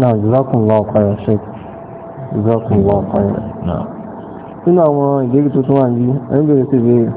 náà ìzọ́kùn lọ ọ̀pẹ̀rẹ̀ ṣe ìzọ́kùn lọ ọ̀pẹ̀rẹ̀ náà nínú àwọn ìgbégi tó tún wà ní ẹgbẹ̀rẹ̀ sí ìbéèrè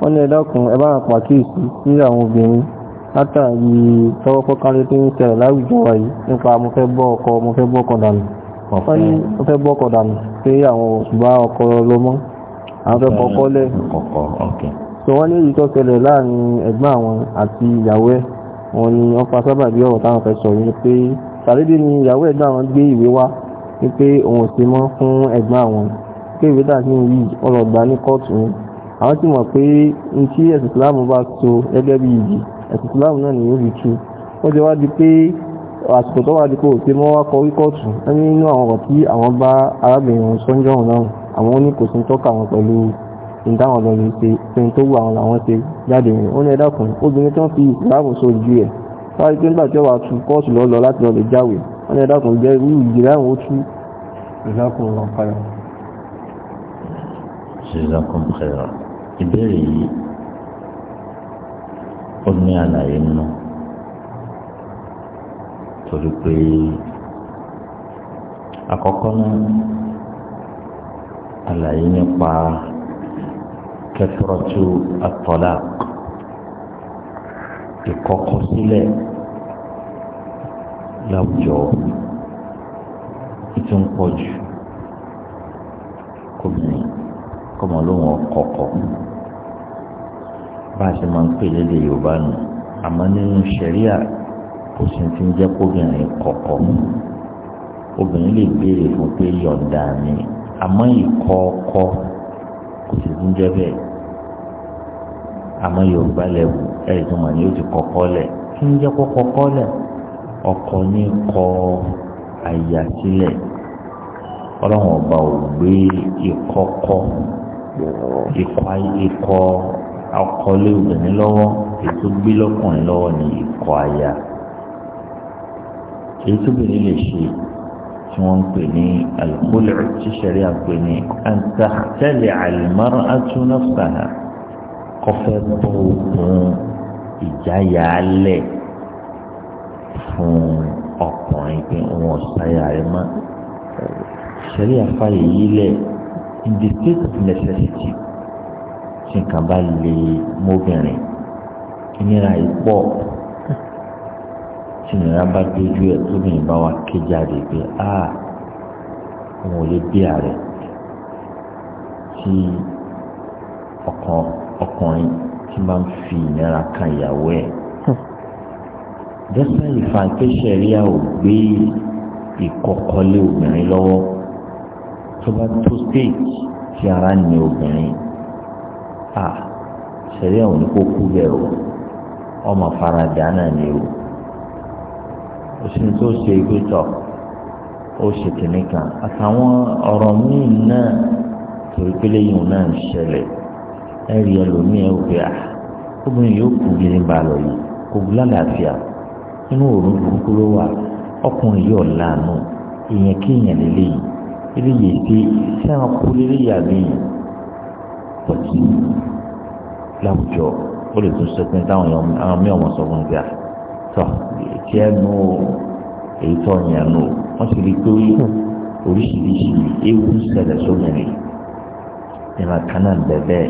wọ́n ní ẹ̀dọ́kùn ẹ bá pàkíyèsí sí àwọn obìnrin látàrí tọwọ́ pọ́kánlé tó ń ṣẹlẹ̀ láwùjọ wa yìí nípa mo fẹ́ bọ́ ọkọ mo fẹ́ bọ́ ọkọ dànù wọ́n ní mo fẹ́ bọ́ ọkọ dànù pé àwọn òṣùbà ọkọ lọ mọ́ àwọn fẹ́ kọ́kọ́ lẹ̀ so wọ́n ní èyí tó ṣẹlẹ̀ láàrin ẹ̀gbọ́n àwọn àti ìyàwó ẹ̀ wọ́n ní wọ́n fa sábàbí ọ̀rọ̀ táwọn fẹ́ sọ yìí pé tàbí ni ìyàwó ẹ̀gbọ́n àwọn gbé ìwé wá wípé òun sì mọ́ fún ẹ̀gbọ́n àwọn pé ìwé dàbí yìí ọ̀rọ̀ gbà ní kóòtù ni àwọn ti mọ̀ pé n tí ẹ̀sìn ìsìláàmù bá so gẹ́gẹ́ bí ìjì ẹ̀sìn ìsìláàmù náà nìyó fi tú wọ́n ti wá di pé àsìkò tó wá di pé òsè mọ́ wá kọrí kóòtù ẹni nínú àwọn ọ̀rọ̀ tí àwọn bá arábìnrin wọn sọ́njọ́ ọ̀hún náà àwọn ó ní kò sí ń tọ́ka àwọn pẹ̀lú ìdáhùn ọ̀dọ́ yìí ṣe pé tó wù àwọn làwọn ṣe jáde rìn ó ní ẹ̀dá kan obìnrin tó ń fi ìsìláàmù so ju ẹ̀ wáyé pé nígbà tí ó wà tú kọ́ọ̀sì lọ lọ láti lọ lè jáwé wọ́n ní ẹ̀dàkùn jẹ́ irú ìgbìlẹ̀ àwọn oṣù ìdákùn lọ padà. ṣèṣàkùn kẹrọ ìbéèrè yìí ó ní àlàyé nínú torí pé àkọ́kọ́ náà àlàyé nípa kẹtọrọtù àtọlá ìkọ̀kọ̀ sílẹ̀ láwùjọ ètò ń pọ̀ jù kóbìnrin kọ́mọ lóun ọkọ̀ọ̀kọ̀ bá a ṣe máa ń pè lédè Yorùbá nù àmọ́ nínú ṣẹ̀ríà kò sí ti ń jẹ́ kóbìnrin kọ̀ọ̀kọ̀ obìnrin lè béèrè fún pé yọ̀ǹda mi àmọ́ ìkọ̀ ọkọ kò sì ti ń jẹ́ bẹ́ẹ̀ àmọ́ Yorùbá lẹ́wù ẹ̀rí tó mọ̀ ní o ti kọ̀kọ́ lẹ̀ kí ń jẹ́ kó kọ̀kọ́ lẹ̀ ọkọ ní kọ àyà sílẹ̀ ọlọ́run ọba ò gbé ikọ́ kọ́ ikọ́ ikọ́ ọkọlé obìnrin lọ́wọ́ ètò gbé lọ́kùnrin lọ́wọ́ ní ikọ́ àyà èyí tó bìnrin lè ṣe tí wọ́n ń pè ní alukólẹ̀ tí sẹ́rí àpè ní àtàtẹ́lẹ̀ àlùmọ́rán atúnáfàá kọfẹ́ bọ́ òkun ìjáyà alẹ́ fún ọkùnrin pé wọn ṣàyà rẹ mọ́ ṣẹlẹ àfààyè yìí lẹ in the state of necessity tí nǹkan bá lè mọ́bìnrin ìnira ìpọ̀ tí ìnira bá dojú ẹ̀ tóbìnrin bá wá ké jáde pé a ah, òun ò lè bí ààrẹ tí ọkùnrin tí máa ń fi ìnira kan ìyàwó ẹ̀ dẹ́sẹ̀ ìfàǹkẹ́sẹ̀ríà ò gbé ìkọ̀kọ̀lé obìnrin lọ́wọ́ tó bá tó stage tí ara ní obìnrin à sẹ̀ríà ò ní kó kú bẹ́ẹ̀ o ọmọ faradà náà ni o òsì tó ṣe ibi tọ̀ ó ṣe kìnnì kan àtàwọn ọ̀rọ̀ míì náà torí pélé yìí náà ń ṣẹlẹ̀ ẹ̀rí ẹlòmíì ẹ̀ wò pé à obìnrin yóò kú gírí balọ̀ yìí kò bú lálàáfíà inú òórùn burúkú ló wà ọkùnrin yóò láàánú ìyẹn kéèyàn lélẹ́yìn eléyìí pé sẹ́wọ̀n kú lélẹ́yìn àbí pọ̀tì láwùjọ ó lè tún sẹ́kùn táwọn àwọn mí ọmọ sọ fún gbà tọ́ tí ẹ nu èyí tó yẹn nu wọ́n sì rí pé oríṣiríṣi ewu ṣẹlẹ̀ sómìnrin ìrìn àkànnà bẹ̀bẹ̀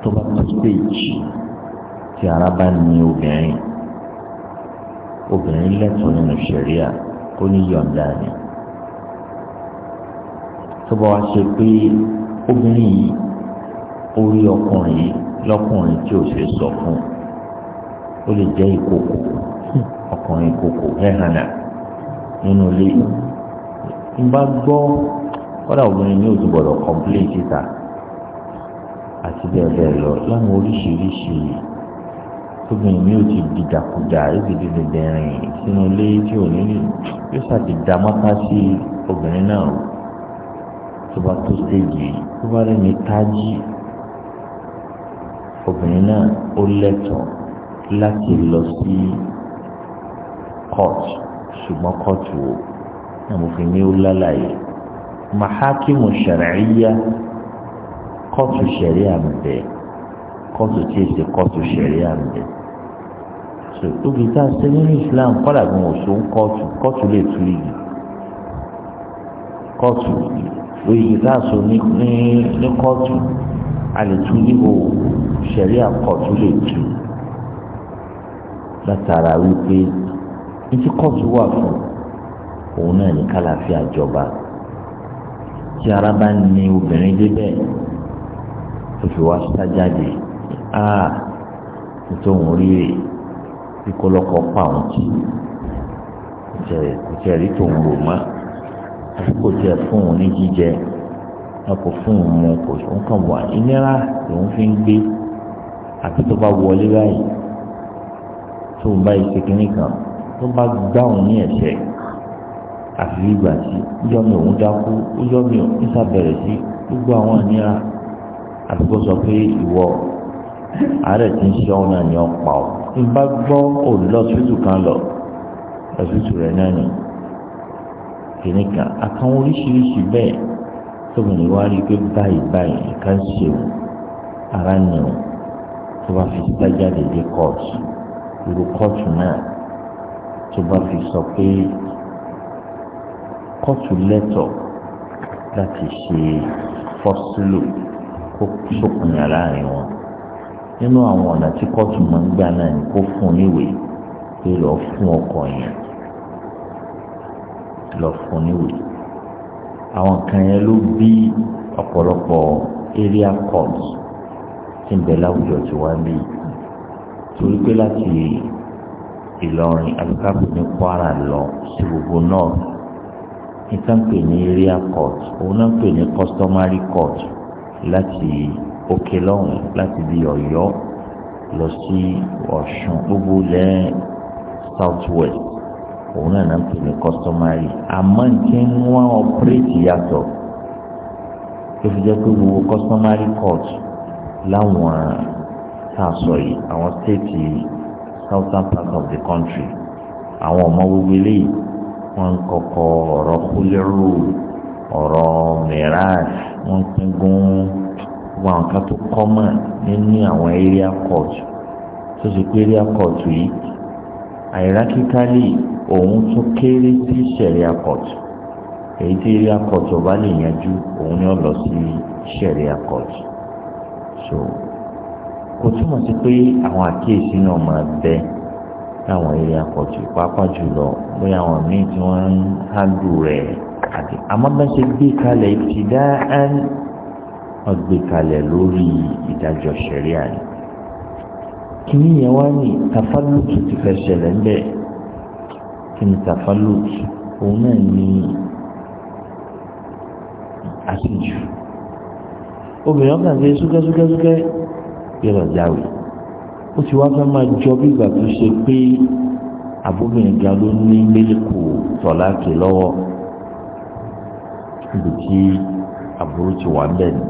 tó bá tó stage tí ara bá ní obìnrin obìnrin lẹ́tọ̀ọ́ nínú ṣẹ̀ríà kó ní yọ̀ǹda ni tó bá wá ṣe pé obìnrin yìí ó rí ọkùnrin yìí lọ́kùnrin tí ò ṣe sọ fún ó lè jẹ́ ìkòkò ọkùnrin ìkòkò hẹ́hànà nínú ilé ń bá gbọ́ kọ́dà obìnrin ní òtún gbọ́dọ̀ kọ́ńpléǹtì ta àti bẹ́ẹ̀ bẹ́ẹ̀ lọ láwọn oríṣiríṣi tóbìnrin mi ò ti dìdàkudà èsì dídìdìrín sínú ilé tí ò ní yóò ṣàti dá mọ́ká sí obìnrin náà tó bá tó stéèjì tó bá rẹ́ni tájí obìnrin náà ó lẹ́tọ̀ọ́ láti lọ sí court ṣùgbọ́n court wo náà mo fi ní ó lálàyé mahakimu shar'iyya court sẹ̀ríà mi bẹ́ẹ̀ kóòtù tí èsì kóòtù ṣẹ̀ríà ń bẹ̀. so ibi tá a ṣe nínú Islam kọ́dà bí wọn ò so ń kóòtù kóòtù lè tú igi kóòtù oyè tá a so ní ní kóòtù a lè tú ibo ṣẹ̀ríà kóòtù lè tú látara wípé ní tí kóòtù wà fún òun náà ní kálàfíà jọba tí ara bá ní obìnrin débẹ̀ tó fi wá sájáde aa nítorí òun rí rè bí kọlọ́kọ́ pa òun jì kò tiẹ̀ rí tòun rò mọ́ kò tiẹ̀ fún òun ní jíjẹ ọkọ̀ fún òun mu kò tó ń kàn wá ìnira lòun fi ń gbé àti tó bá wọlé báyìí tó ń báyìí kínní kan tó bá gbá òun ní ẹ̀ṣẹ̀ àfi ìgbà tí ọjọ́ mi òun dákú ọjọ́ mi òun sábẹ̀rẹ̀ sí gbogbo àwọn ìnira àti kó sọ pé ìwọ àárẹ̀ tí ń ṣe ọ́ náà ni ọ́ pa ọ́ tí n bá gbọ́ òlùlọ ṣùtù kan lọ ẹ̀ṣùtù rẹ̀ náà ni kìnnì kan àtàwọn oríṣiríṣi bẹ́ẹ̀ tóbìnrin wá rí i pé báyìí báyìí ẹ̀ka ń ṣeun ara nìyẹn tó bá fi sítájáde dé kóòtù irú kóòtù náà tó bá fi sọ pé kóòtù lẹ́tọ̀ọ́ láti ṣe fọ́sílù kó sókun yàrá wọn nínú àwọn ọ̀nà tí kóòtù máa ń gbà náà ni kó fún níwèé pé lọ fún ọkọ yẹn lọ fún níwèé àwọn kan yẹn ló bí ọ̀pọ̀lọpọ̀ area court tí ń bẹ láwùjọ tí wá bí torí pé láti Ìlọrin àbíkápù ní Kwara lọ sí gbogbo north níta ní area court òun náà ń pè ní customary court láti òkè lọ́hùn láti bí ọ̀yọ́ lọ sí ọ̀ṣun gbogbo lẹ́ south west òun náà náà ń pè customary àmọ́ nǹkan ń wá ọ̀pẹ́rẹ́tì yàtọ̀ tó fi jẹ́ pé gbogbo customary court láwọn tá a sọ yìí àwọn stéètì southern part of the country àwọn ọmọ gbogbo eléyìí wọ́n ń kọ́kọ́ ọ̀rọ̀ kúlẹ́rù ọ̀rọ̀ mìíràn ń pín gún gbogbo àwọn kan tó kọ́mọ̀ nínú àwọn area court tó ṣe pé area court yìí àìrákíkálì òun tó kéré sí sẹ̀ríà court èyí tí area court ọba lè yanjú òun ni ó lọ sí sẹ̀ríà court so kò túmọ̀ sí pé àwọn àkíyèsí náà máa bẹ láwọn area court pàápàá jùlọ bóyá àwọn míì tí wọ́n ń handle rẹ̀ àti àmọ́ bá ṣe gbé kalẹ̀ ìtìdá wọ́n gbé kalẹ̀ lórí ìdájọ́ sẹ̀ríà ni kìíní yẹn wá ní tafalùtù ti fẹ́ ṣẹlẹ̀ ń bẹ̀ kí ni tafalùtù òun náà ní àṣejù obìnrin ọkàn ṣe súkẹ́súkẹ́súkẹ́ yọrọ jáwé ó ti wá fẹ́ máa jọ bí ìgbà tó ṣe pé àbóbìnrin ga ló ní mílíkù tọ̀láàkì lọ́wọ́ ibi tí àbúrò ti wà ń bẹ̀ ni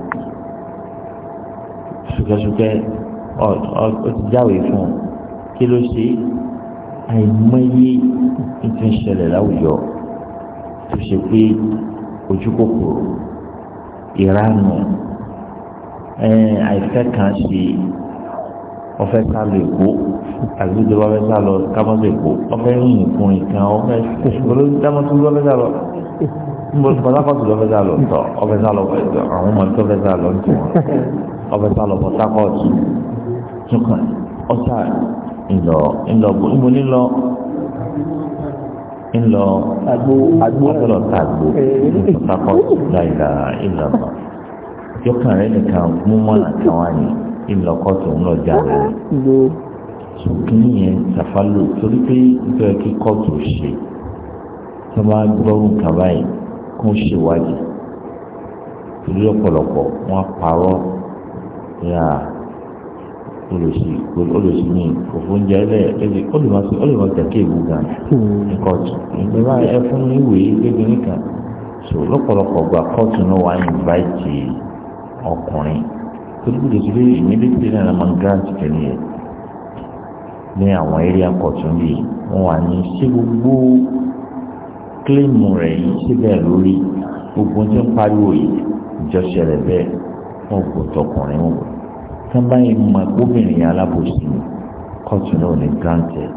ṣùkẹ́ṣùkẹ́ ọ ti jáwèé fún un kí ló ṣe àìmọye tó ń ṣẹlẹ̀ láwùjọ tó ṣe pé ojú kòkòrò ìranù àìfẹ́ kan ṣe ọfẹ ká lè kó àgbẹjọ bá fẹ́ sá lọ kámọ lè kó ọfẹ yìnyín fún ìkan ọfẹ dámọtú lọ fẹ́ sá lọ bọlá kọtù lọ sá lọ tọ ọfẹ sá lọ àwọn ọmọ tó fẹ́ sá lọ ń tún wọn ọbẹ̀ sá lọ port harcourt túkàn ọ̀sà ńlọ ńlọ ìbò nílọ ńlọ agbọ́dọ̀ tàgbó ní port harcourt láìla ìlànà yọkàn rẹ nìkan mú mọ́nà kan wá ní ńlọ kọ́ọ̀tù ńlọ jáde sùkún yẹn tàfàlù torí pé ìjọ kí kóòtù ṣe tó máa gbọ́rùn kàbáyé kó ṣèwádìí torí ọ̀pọ̀lọpọ̀ wọn parọ́ yà olùsí mi kò fún jẹ lẹ ẹbí olùmọsí olùmọsí kí ewu gan kóòtù ìgbẹ́wà ẹ fún mi ìwé gbẹ́gbẹ́rẹ́ kan so lọ́pọ̀lọpọ̀ gba kóòtù náà wà ìnváìtì ọkùnrin torí kò tẹ̀sí pé ìmílẹ́tì náà máa ń gírántì kẹ́lẹ́ yẹn ní àwọn area kóòtù yìí wọ́n wà ní ṣé gbogbo kílíìmù rẹ̀ yìí síbẹ̀ lórí gbogbo tí ń pariwo yìí ìjọsẹ̀ rẹ̀ bẹ́ẹ̀ wọn kò tọkùnrin wọn tí wọn bá yẹn mọ obìnrin alábòsí kóòtù náà ní granted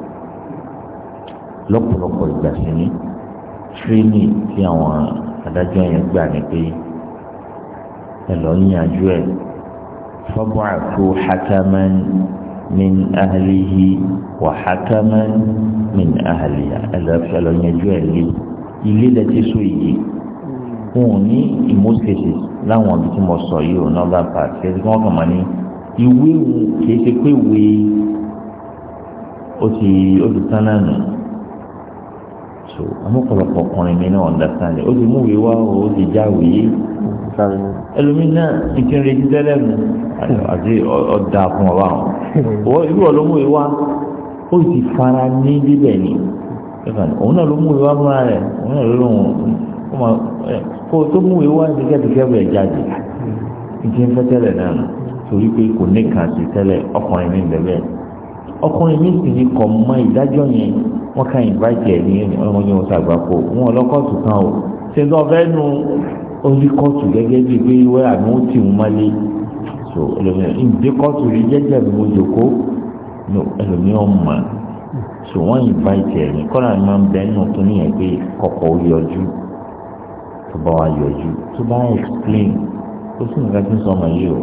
lọ́pọ̀lọpọ̀ ìgbà sí ní tírénì tí àwọn adájọ́ yẹn gbà ní pé ẹ lọ yànjú ẹ fọbọ àfọ hakaman min ahlihi wa hakaman min ahliha ẹ lọ yànjú ẹ lé ilé lẹ ti wọn ò ní ìmúṣẹṣẹ láwọn ibi tí mo sọ yìí ò náà bá pa àti ẹni tí wọn kàn máa ní ìwé òun kìí ṣe pé ìwé ó ti olùtán náà nù so amúpọ̀lọpọ̀ ọkùnrin mi náà understand ó ti mú ìwé wá o ó ti jáwé ẹlòmíì náà ìtì ń retí tẹ́lẹ̀ mu àti ọ̀dà fún ọba wọn ìlú ọ̀ ló mú ìwé wá ó ti fara ní bíbẹ̀ ni òun náà ló mú ìwé wá múra rẹ̀ òun náà ló lóun ó máa kó o tó mú ìwá ìdíkẹ́díkẹ́ bẹ̀ jáde ìdí ń fẹ́ tẹ́lẹ̀ náà torí pé kò ní kàn sí tẹ́lẹ̀ ọkùnrin mi bẹ̀rẹ̀ ọkùnrin mi sì ní kọ̀ mọ́ ìdájọ́ yẹn wọ́n ká ìnváìtì ẹ̀ ní ọmọ yẹn wọ́n sàgbà kó wọn ọlọ́kọ̀ọ̀tù kan o ṣe lọ fẹ́ nu orí kóòtù gẹ́gẹ́ bíi pé wẹ́ àmì ó tì wọ́n mọ́lé so ẹlòmíràn ìdí kóòtù rí jẹ́jẹ́ mi mo jòkó ẹlòmíràn mọ̀ so wọ́n ìnváìtì ẹ̀ ní kọ́ra mi máa ń bẹ́ẹ̀ nù tó níyẹn pé kọ̀kọ́ ó yọjú bá wa yọjú tó bá explain ó sì nǹkan tí ń sọ ọmọ yìí o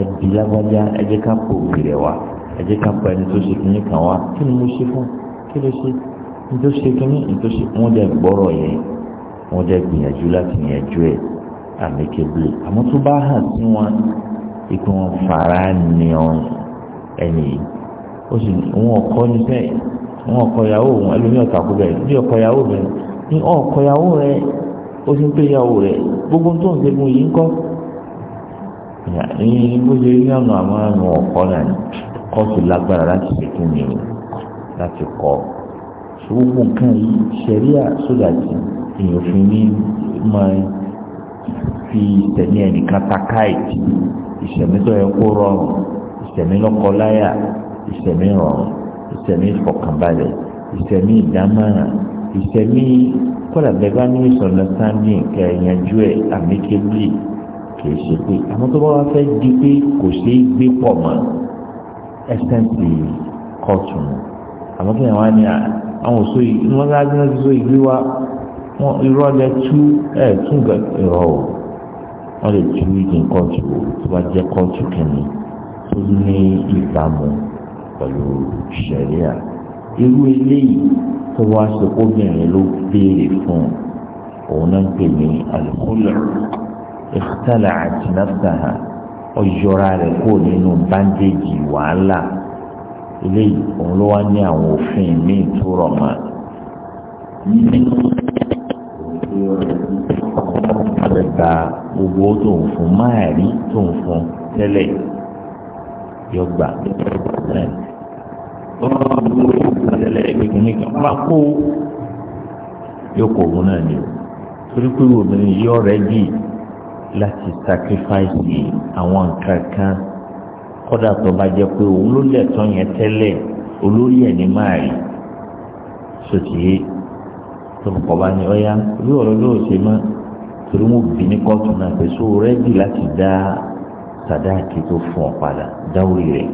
ẹbí lágbájá ẹ jẹ́ ká pò òbílẹ̀ wa ẹ jẹ́ ká pò ẹni tó ṣe kínní kan wa kí ni mo ṣe fún kí ló ṣe ní tó ṣe kínní ní tó ṣe wọ́n dẹ̀ gbọ́rọ̀ yẹn wọ́n dẹ̀ gbìyànjú láti yànjú ẹ̀ àmẹ́kẹ́bílì àmọ́ tó bá hàn sí wọn ikú wọn fara ni ọ̀n ẹni yìí ó sì wọn ọkọ ní sẹ́yìn wọn ọkọ ìyàwó wọn ẹlòmíọ̀ta bí ọkọ ìyàwó bẹ́ẹ̀ ní ọkọ ìyàwó rẹ̀ ó ti ń pè ìyàwó rẹ̀ gbogbo tó ń ṣe fún yìí ń kọ́ ní bó ṣe ní ọ̀nà àwọn àrùn ọ̀kọ́ náà ni kọ́ọ̀tù lágbára láti ṣètò mi láti kọ́ gbogbo nǹkan yìí ṣẹ̀ríà sódà tí èèyàn fi ní máa fi ìtẹ̀mí ẹnìkan takáìtì ìṣẹ̀mí tó yẹ rọrùn ìṣẹ̀mí lọ́kọláyà ìṣẹ̀mí rọrùn ìṣẹ̀mí ìfọ̀kànbalẹ̀ ìṣẹ̀mí ìdámọ̀ràn ìsẹ̀mí kọ́là bẹ́ẹ̀ ní ìsọ̀nà sáńdì nǹkan ìyanjú ẹ̀ àmíkébìlì kìí ṣe pé àwọn tó bá wá fẹ́ di pé kò ṣeé gbé pọ̀ mọ́ ẹsẹ̀ǹsì kọ́ọ̀tù mu àwọn tó yàn wá ní àwọn òṣò yìí ni wọ́n sáájú náà ti sọ ìgbé wa wọn irọ́ lẹ tú ẹ̀ tún gà ìrọ̀ o wọ́n lè tú ìdín kọ́ọ̀tù o tó bá jẹ́ kọ́ọ̀tù kìíní tó ní ìbámu pẹ̀lú ṣẹ̀ríà irú eléyìí tó wá ṣe obìnrin ló béèrè fún òun náà ń pè ní alukóló ìkútàlà àti nàfàhà ọjọ́ra rẹ̀ kó nínú báńdéèjì wàhálà eléyìí òun ló wá ní àwọn òfin míì tó rọ̀ mọ́. Àgbẹ̀gbà gbogbo tó ń fún máa tó ń fún tẹ́lẹ̀ yọgbà ẹgbẹ̀gbẹ̀ nìkan bá kó yóò kó òun náà ni o torí pé obìnrin yìí ọ̀rẹ́ dì láti sacrifice àwọn nǹkan kan kódà tó bá jẹ́ pé òun ló lẹ̀tọ́ yẹn tẹ́lẹ̀ olórí ẹ̀ ní máa rí sòtìyé tó kọ̀ bá ní ọ̀yá orí ọ̀rọ̀ ló ṣe mọ́ torí wọn bì ní kóòtù náà pé so rẹ́dì láti dá sàdáàkì tó fún ọ padà dáwọ́ rẹ̀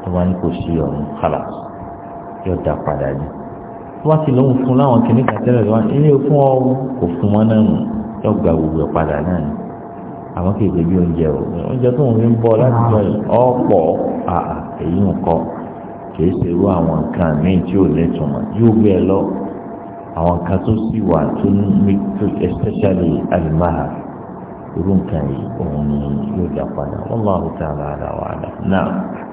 tó wá ní kò sí ọ̀run kálá yóò dá padà ní wọ́n sì lóun fún láwọn kìnnì kàtẹ́rẹ̀ lọ́wọ́ ilé fún ọ kò fún wọn náà nù yóò gba gbogbo ẹ̀ padà náà ni àwọn kì í gbé bí oúnjẹ o oúnjẹ tó ń ń bọ̀ láti jọ ọ̀pọ̀ àà èyí nǹkan kì í ṣerú àwọn nǹkan míì tí ò lẹ́tùmọ̀ yóò gbé ẹ lọ àwọn nǹkan tó sì wà tó ní especially alimaha irú nǹkan yìí òun ni yóò dá padà wallahu ta'ala àlàwàlà náà.